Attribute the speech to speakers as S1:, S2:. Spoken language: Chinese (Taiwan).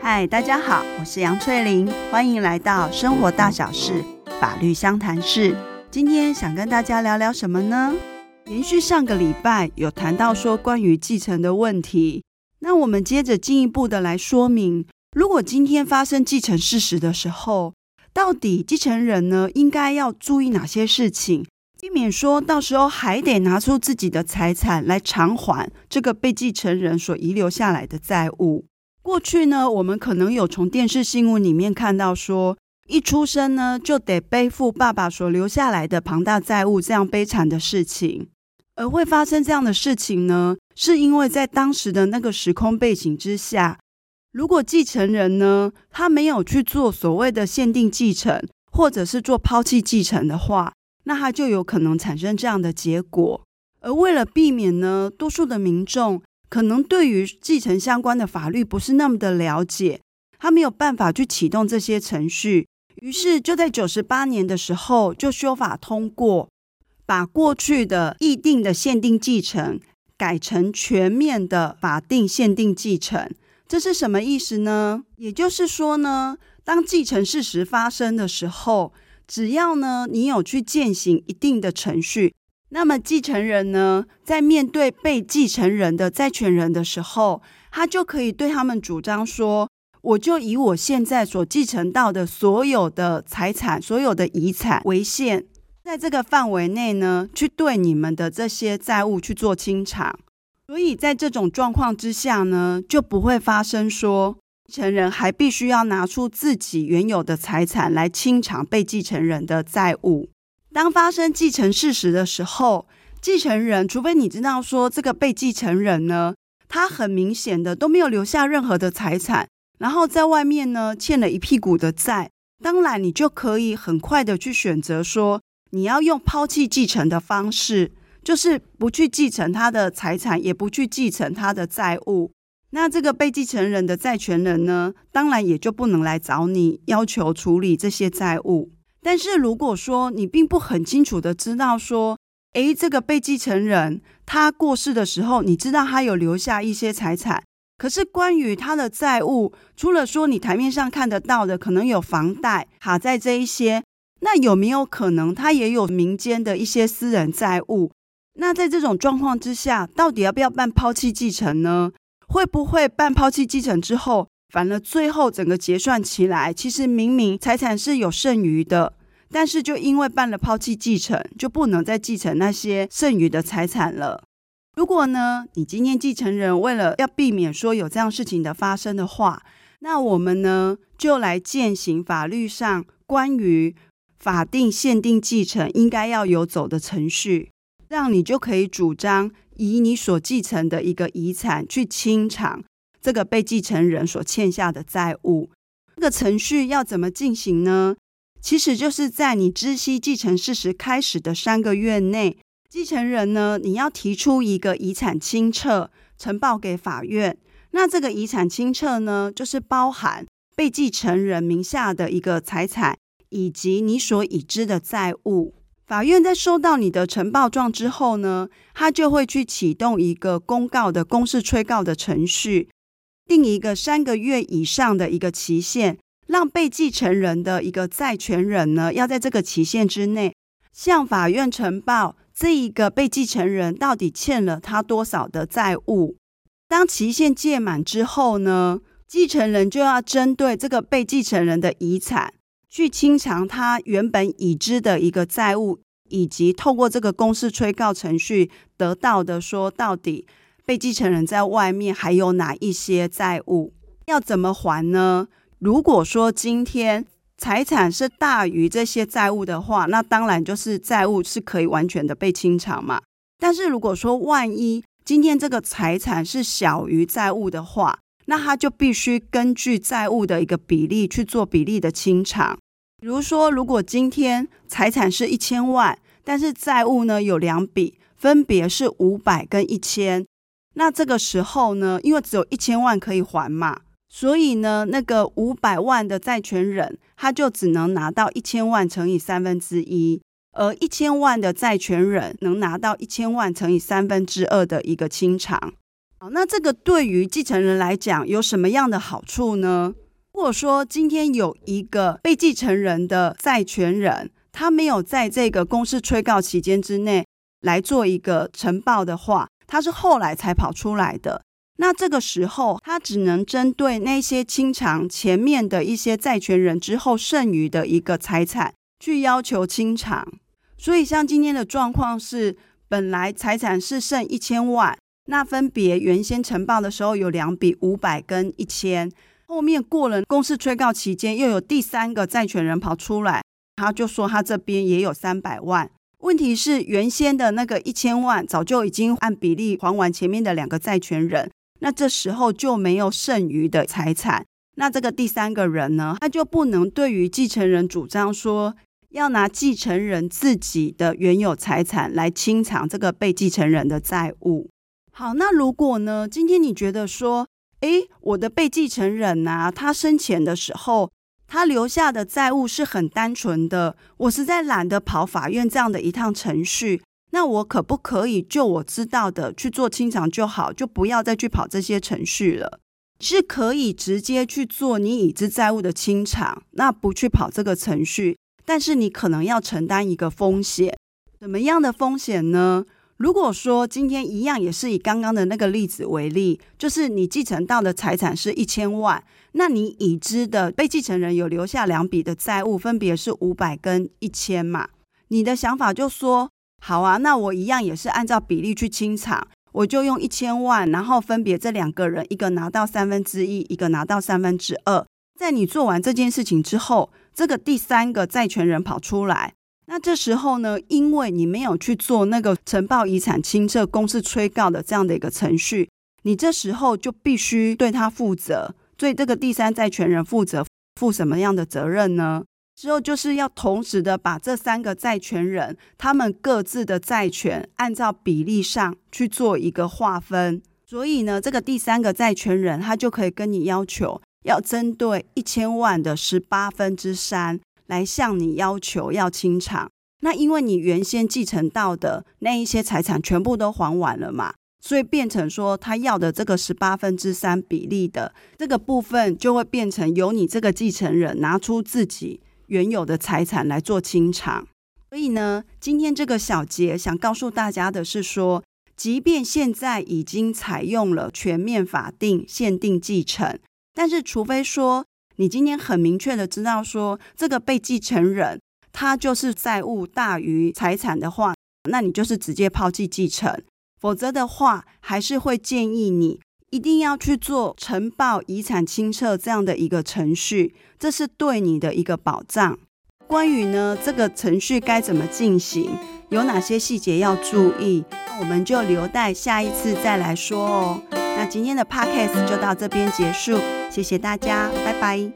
S1: 嗨，大家好，我是楊翠玲，歡迎來到生活大小事法律相談室。今天想跟大家聊聊什麼呢？延續上個禮拜有談到說，關於繼承的問題，那我們接着進一步的來說明，如果今天發生繼承事實的時候，到底繼承人呢應該要注意哪些事情？避免說到時候還得拿出自己的財產來償還這個被繼承人所遺留下來的債務。過去呢，我們可能有從電視新聞裡面看到說，說一出生呢就得背負爸爸所留下來的龐大債務，這樣悲慘的事情。而會發生這樣的事情呢，是因為在當時的那個時空背景之下，如果繼承人呢他沒有去做所謂的限定繼承，或者是做拋棄繼承的話。那它就有可能產生這樣的結果，而為了避免呢，多數的民眾可能對於繼承相關的法律不是那麼的了解，他沒有辦法去啟動這些程序，於是就在九十八年的時候就修法通過，把過去的意定的限定繼承改成全面的法定限定繼承，這是什麼意思呢？也就是說呢，當繼承事實發生的時候。只要呢，你有去踐行一定的程序，那麼繼承人呢，在面對被繼承人的債權人的時候，他就可以對他們主張說，我就以我現在所繼承到的所有的財產、所有的遺產為限，在這個範圍內呢，去對你們的這些債務去做清償。所以在這種狀況之下呢，就不會發生說。繼承人還必須要拿出自己原有的財產來清償被繼承人的債務。當發生繼承事實的時候，繼承人除非你知道說這個被繼承人呢，他很明顯的都沒有留下任何的財產，然後在外面呢，欠了一屁股的債，當然你就可以很快的去選擇說你要用拋棄繼承的方式，就是不去繼承他的財產，也不去繼承他的債務。那這個被繼承人的債權人呢，當然也就不能來找你要求處理這些債務。但是如果說你並不很清楚地知道說，哎，這個被繼承人他過世的時候，你知道他有留下一些財產，可是關於他的債務，除了說你台面上看得到的，可能有房貸、卡債這一些，那有沒有可能他也有民間的一些私人債務？那在這種狀況之下，到底要不要辦拋棄繼承呢？會不會辦拋棄繼承之後，反而最後整個結算起來，其實明明財產是有剩餘的，但是就因為辦了拋棄繼承，就不能再繼承那些剩餘的財產了。如果呢，你今天繼承人為了要避免說有這樣事情的發生的話，那我們呢就來踐行法律上關於法定限定繼承應該要有走的程序，這樣你就可以主張。以你所繼承的一個遺產去清償這個被繼承人所欠下的債務，這個程序要怎麼進行呢？其實就是在你知悉繼承事實開始的三個月內，繼承人呢，你要提出一個遺產清冊，呈報給法院。那這個遺產清冊呢，就是包含被繼承人名下的一個財產以及你所已知的債務。法院在收到你的呈報狀之後呢，他就會去啟動一個公告的公示催告的程序，定一個三個月以上的一個期限，讓被繼承人的一個債權人呢，要在這個期限之內向法院呈報這一個被繼承人到底欠了他多少的債務。當期限屆滿之後呢，繼承人就要針對這個被繼承人的遺產。去清償他原本已知的一個債務，以及透過這個公示催告程序得到的，說到底，被繼承人在外面還有哪一些債務，要怎麼還呢？如果說今天財產是大於這些債務的話，那當然就是債務是可以完全的被清償嘛。但是如果說萬一今天這個財產是小於債務的話，那他就必須根據債務的一個比例去做比例的清償。比如說，如果今天財產是一千萬，但是債務呢有兩筆，分別是五百跟一千，那這個時候呢，因為只有一千萬可以還嘛，所以呢，那個五百萬的債權人他就只能拿到一千萬乘以三分之一，而一千萬的債權人能拿到一千萬乘以三分之二的一個清償。好，那這個對於繼承人來講有什麼樣的好處呢？如果說今天有一個被繼承人的債權人，他沒有在這個公示催告期間之內來做一個陳報的話，他是後來才跑出來的。那這個時候，他只能針對那些清償前面的一些債權人之後剩餘的一個財產去要求清償。所以，像今天的狀況是，本來財產是剩一千萬，那分別原先陳報的時候有兩筆五百跟一千。後面過了公示催告期間，又有第三個債權人跑出來，他就說他這邊也有三百萬。問題是原先的那個一千萬早就已經按比例還完前面的兩個債權人，那這時候就沒有剩餘的財產。那這個第三個人呢，他就不能對於繼承人主張說要拿繼承人自己的原有財產來清償這個被繼承人的債務。好，那如果呢，今天你覺得說？誒，我的被繼承人吶、啊，他生前的時候，他留下的債務是很單純的。我實在懶得跑法院這樣的一趟程序，那我可不可以就我知道的去做清償就好，就不要再去跑這些程序了？是可以直接去做你已知債務的清償，那不去跑這個程序，但是你可能要承擔一個風險，怎麼樣的風險呢？如果說今天一樣也是以剛剛的那個例子為例，就是你繼承到的財產是一千萬，那你已知的被繼承人有留下兩筆的債務，分別是五百跟一千嘛？你的想法就說，好啊，那我一樣也是按照比例去清償，我就用一千萬，然後分別這兩個人，一個拿到三分之一，一個拿到三分之二。在你做完這件事情之後，這個第三個債權人跑出來。那這時候呢，因為你沒有去做那個呈報遺產清冊、公示催告的這樣的一個程序，你這時候就必須對他負責。對這個第三債權人負責，負什麼樣的責任呢？之後就是要同時的把這三個債權人他們各自的債權按照比例上去做一個劃分。所以呢，這個第三個債權人他就可以跟你要求要針對一千萬的十八分之三。來向你要求要清償，那因為你原先繼承到的那一些財產全部都還完了嘛，所以變成說他要的這個十八分之三比例的這個部分，就會變成由你這個繼承人拿出自己原有的財產來做清償。所以呢，今天這個小節想告訴大家的是說，即便現在已經採用了全面法定限定繼承，但是除非說，你今天很明確的知道說，這個被繼承人他就是債務大於財產的話，那你就是直接拋棄繼承；否則的話，還是會建議你一定要去做陳報遺產清冊這樣的一個程序，這是對你的一個保障。關於呢這個程序該怎麼進行，有哪些細節要注意，那我們就留待下一次再來說哦。那今天的 podcast 就到這邊結束，謝謝大家，拜拜。